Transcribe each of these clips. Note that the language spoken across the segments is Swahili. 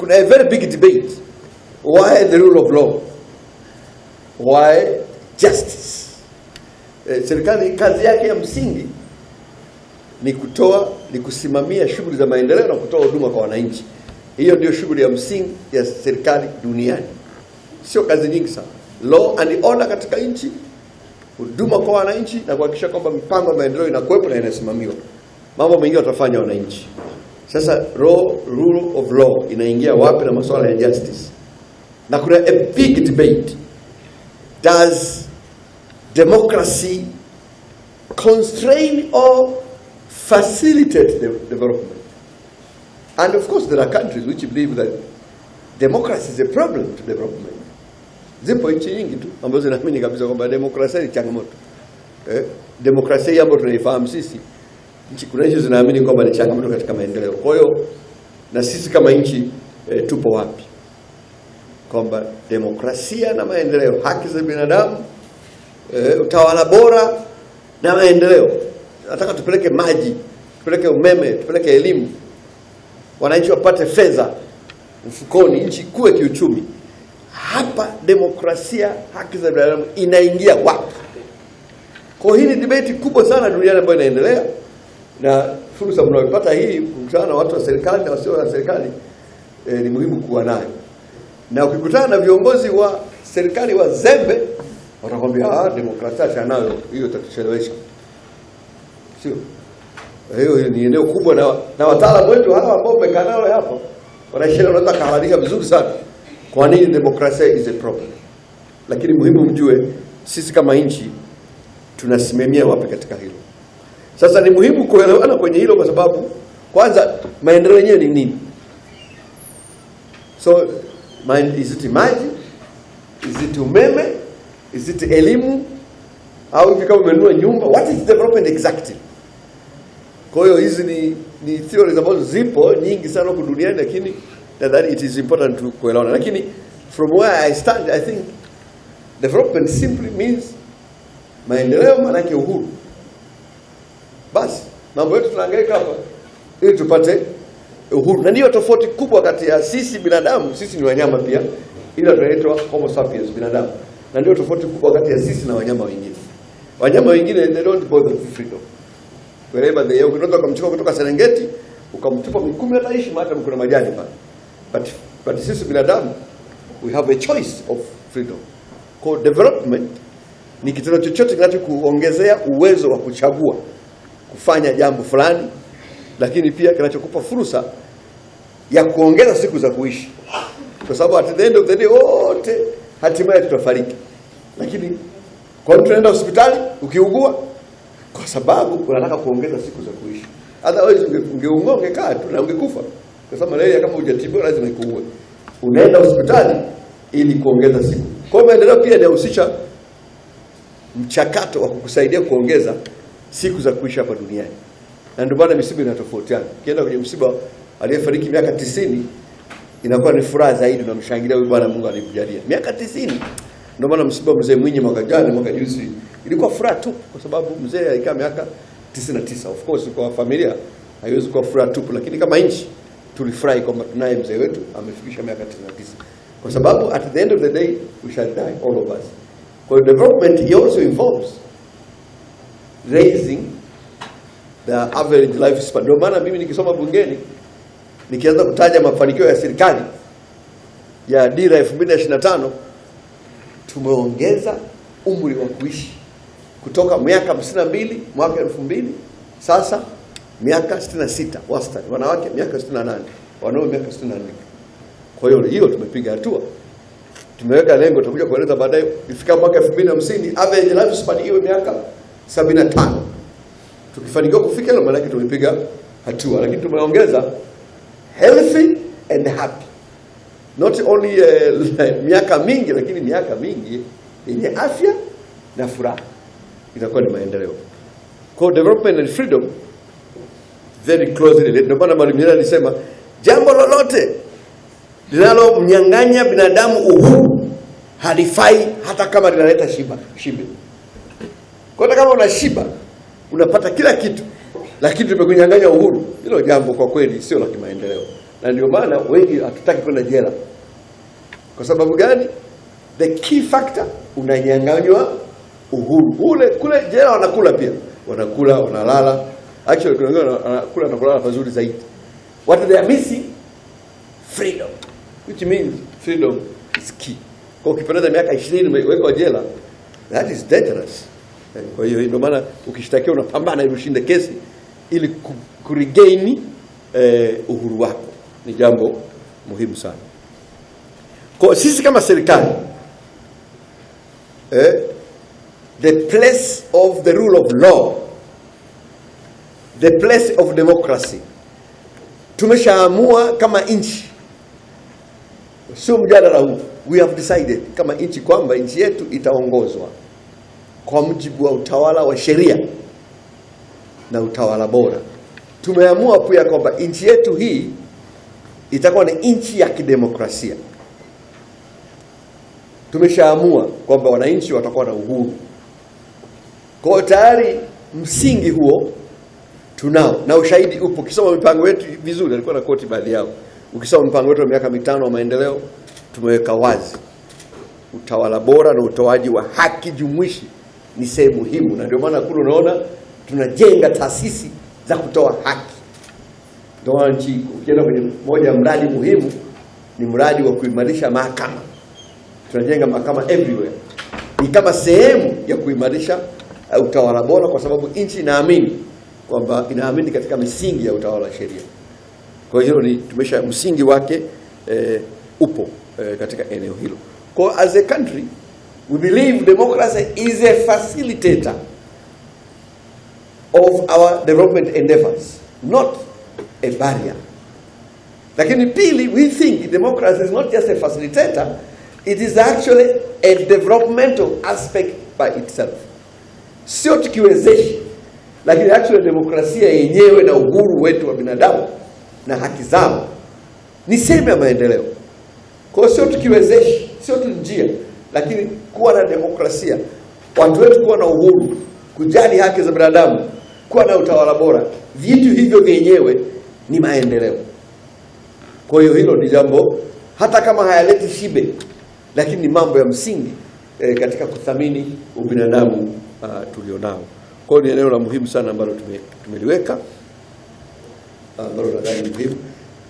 Kuna a very big debate. Why the rule of law? Why justice? Eh, serikali kazi yake ya msingi ni kutoa ni kusimamia shughuli za maendeleo na kutoa huduma kwa wananchi. Hiyo ndio shughuli ya msingi ya serikali duniani, sio kazi nyingi sana. Law and order katika nchi, huduma kwa wananchi na kuhakikisha kwamba mipango ya maendeleo inakuwepo na inasimamiwa. Mambo mengine watafanya wananchi. Sasa law, rule of law inaingia wapi na masuala ya justice? Na kuna a big debate. Does democracy constrain or facilitate the development? And of course there are countries which believe that democracy is a problem to development. Zipo nchi nyingi tu ambazo zinaamini kabisa kwamba demokrasia ni changamoto. Eh, demokrasia ambayo tunaifahamu sisi nchi kuna nchi zinaamini kwamba ni changamoto katika maendeleo. Kwa hiyo na sisi kama nchi e, tupo wapi? Kwamba demokrasia na maendeleo, haki za binadamu e, utawala bora na maendeleo. Nataka tupeleke maji, tupeleke umeme, tupeleke elimu, wananchi wapate fedha mfukoni, nchi kuwe kiuchumi. Hapa demokrasia, haki za binadamu inaingia wapi? Kwa hii ni debate kubwa sana duniani ambayo inaendelea na fursa mnayopata hii kukutana na watu wa serikali na wasio wa serikali e, ni muhimu kuwa nayo, na ukikutana na viongozi wa serikali wazembe watakwambia ah, demokrasia nayo hiyo itatuchelewesha, sio hiyo. Ni eneo kubwa, na, na wataalamu wetu hawa ambao umekaa nao hapo wanaishiria, wanaweza kahalalisha vizuri sana kwa nini demokrasia is a problem, lakini muhimu mjue sisi kama nchi tunasimamia wapi katika hilo. Sasa ni muhimu kuelewana kwenye hilo, kwa sababu kwanza maendeleo yenyewe ni nini? So is it maji, is it umeme, is it elimu au hivi kama umenunua nyumba, what is development exactly? Kwa hiyo hizi ni ni theories ambazo zipo nyingi sana huko duniani, lakini nadhani it is important to kuelewana. Lakini from where I stand I think development simply means maendeleo, maanake uhuru basi mambo yetu tunahangaika hapa ili tupate uhuru, na ndiyo tofauti kubwa kati ya sisi binadamu. Sisi ni wanyama pia, ila tunaitwa homo sapiens, binadamu, na ndiyo tofauti kubwa kati ya sisi na wanyama wengine. Wanyama wengine they don't bother with freedom wherever they are. Unaweza kumchukua kutoka Serengeti ukamtupa Mikumi ataishi, hata kuna majani pale, but but sisi binadamu we have a choice of freedom called development. Ni kitendo chochote kinachokuongezea uwezo wa kuchagua kufanya jambo fulani, lakini pia kinachokupa fursa ya kuongeza siku za kuishi, kwa sababu at the end of the day wote hatimaye tutafariki. Lakini kwa nini tunaenda hospitali ukiugua? Kwa sababu unataka kuongeza siku za kuishi. Otherwise ungeungua ungekaa tu na ungekufa, kwa sababu malaria kama hujatibiwa lazima ikuue. Unaenda hospitali ili kuongeza siku. Kwa hiyo maendeleo pia inahusisha mchakato wa kukusaidia kuongeza siku za kuisha hapa duniani, na ndio maana misiba inatofautiana. Ukienda kwenye msiba aliyefariki miaka tisini inakuwa ni furaha zaidi, unamshangilia huyu bwana, Mungu alikujalia miaka tisini. Ndio maana msiba mzee Mwinyi mwaka jana, mwaka juzi ilikuwa furaha tu, kwa sababu mzee alikaa miaka tisa. Of course kwa familia haiwezi kuwa furaha tupu, lakini kama nchi tulifurahi kwamba tunaye mzee wetu amefikisha miaka 99, kwa sababu at the end of the day we shall die all of us. Kwa hiyo development also involves raising the average span. Ndio maana mimi nikisoma bungeni nikianza kutaja mafanikio ya serikali ya dira 2025 tumeongeza umri wa kuishi kutoka miaka 52 mwaka 2000 sasa miaka 66 wastani, wanawake miaka 68, wanaume miaka 64. Kwa hiyo hiyo tumepiga hatua, tumeweka lengo, tutakuja kueleza baadaye, ifika mwaka 2050 average span iwe miaka 75. Tukifanikiwa kufika hilo, maana tumepiga hatua, lakini tumeongeza healthy and happy, not only uh, miaka mingi, lakini miaka mingi yenye afya na furaha itakuwa ni maendeleo. Kwa development and freedom very closely related. Ndio maana Mwalimu Nyerere alisema jambo lolote linalomnyang'anya binadamu uhuru halifai hata kama linaleta shiba shiba. Kwa hata kama unashiba unapata kila kitu, lakini tumekunyang'anya uhuru. Hilo jambo kwa kweli sio la kimaendeleo, na ndio maana wengi hatutaki kwenda jela. Kwa sababu gani? The key factor, unanyang'anywa uhuru ule. Kule jela wanakula pia, wanakula wanalala, actually kuna wengine wanakula na kulala pazuri zaidi. What they are missing freedom, which means freedom is key. Kwa ukipendeza miaka 20 umewekwa jela, that is dangerous. Kwa hiyo ndio maana ukishtakiwa unapambana ili ushinde kesi ili kuregain eh, uhuru wako. Ni jambo muhimu sana kwa sisi kama serikali eh, the place of the rule of law, the place of democracy. Tumeshaamua kama nchi, sio mjadala huu, we have decided kama nchi kwamba nchi yetu itaongozwa kwa mjibu wa utawala wa sheria na utawala bora. Tumeamua pia kwamba nchi yetu hii itakuwa ni nchi ya kidemokrasia. Tumeshaamua kwamba wananchi watakuwa na uhuru. Kwa hiyo tayari msingi huo tunao na ushahidi upo. Ukisoma mipango yetu vizuri, alikuwa na koti baadhi yao. Ukisoma mipango yetu ya miaka mitano wa maendeleo, tumeweka wazi utawala bora na utoaji wa haki jumuishi ni sehemu muhimu, na ndio maana kule unaona tunajenga taasisi za kutoa haki. Ndio maana nchi ukienda kwenye moja mradi muhimu ni mradi wa kuimarisha mahakama, tunajenga mahakama everywhere, ni kama sehemu ya kuimarisha uh, utawala bora, kwa sababu nchi inaamini kwamba inaamini katika misingi ya utawala wa sheria. Kwa hiyo hilo tumesha msingi wake eh, upo eh, katika eneo hilo kwa as a country We believe democracy is a facilitator of our development endeavors, not a barrier. Lakini pili, we think democracy is not just a facilitator, it is actually a developmental aspect by itself. Sio tukiwezeshi, lakini actually demokrasia yenyewe na uhuru wetu wa binadamu na haki zao ni sehemu ya maendeleo. Kwa hiyo sio tukiwezeshi, sio tu njia lakini kuwa na demokrasia, watu wetu kuwa na uhuru, kujali haki za binadamu, kuwa na utawala bora, vitu hivyo vyenyewe ni maendeleo. Kwa hiyo hilo ni jambo, hata kama hayaleti shibe, lakini ni mambo ya msingi e, katika kuthamini ubinadamu uh, tulionao. Kwa hiyo ni eneo la muhimu sana ambalo tumeliweka tume ah, ambalo nadhani muhimu.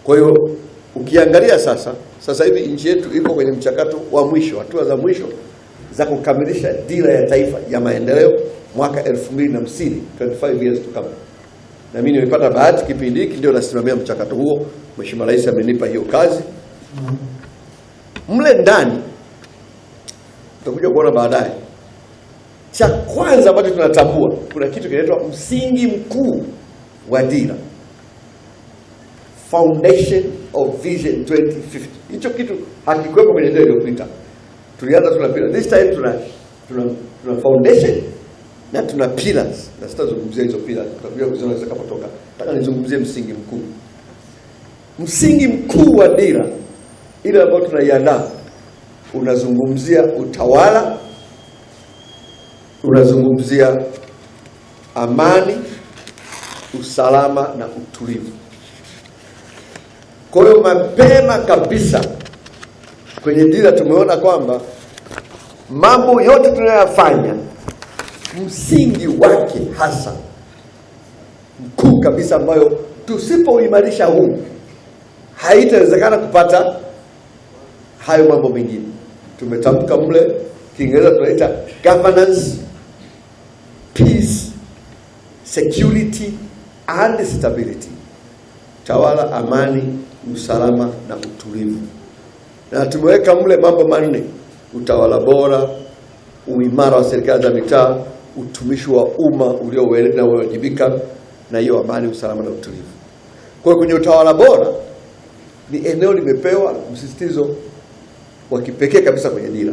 Kwa hiyo Ukiangalia sasa, sasa hivi nchi yetu iko kwenye mchakato wa mwisho, hatua za mwisho za kukamilisha dira ya taifa ya maendeleo mwaka 2050, 25 years to come. Na mimi nimepata bahati kipindi hiki ndio nasimamia mchakato huo. Mheshimiwa Rais amenipa hiyo kazi. Mle ndani tutakuja kuona baadaye, cha kwanza ambacho tunatambua kuna kitu kinaitwa msingi mkuu wa dira foundation of vision 2050. Hicho kitu hakikuwepo kwenye ndio iliyopita, tulianza tuna pillars. This time tuna tuna, tuna foundation na tuna pillars, na sitazungumzia hizo pillars, tutakuja kuziona zitakapotoka. Nataka nizungumzie msingi mkuu, msingi mkuu wa dira ile ambayo tunaiandaa unazungumzia utawala, unazungumzia amani, usalama na utulivu. Kwa hiyo mapema kabisa kwenye dira tumeona kwamba mambo yote tunayoyafanya msingi wake hasa mkuu kabisa, ambayo tusipoimarisha huu haitawezekana kupata hayo mambo mengine. Tumetamka mle Kiingereza tunaita governance, peace, security and stability tawala amani, usalama na utulivu, na tumeweka mle mambo manne: utawala bora, uimara wa serikali za mitaa, utumishi wa umma ulio na uwajibika, na hiyo amani, usalama na utulivu. Kwa hiyo kwenye utawala bora ni eneo limepewa msisitizo wa kipekee kabisa kwenye dira.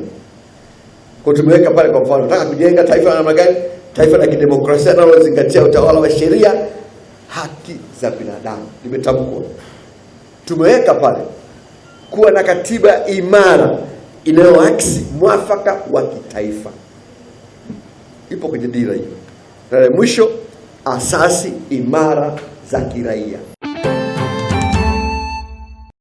Kwa tumeweka pale, kwa mfano, nataka kujenga taifa la namna gani? Taifa la kidemokrasia nalozingatia utawala wa sheria haki za binadamu, limetamkwa. Tumeweka pale kuwa na katiba imara inayoakisi mwafaka wa kitaifa, ipo kwenye dira hiyo. Tarehe mwisho, asasi imara za kiraia.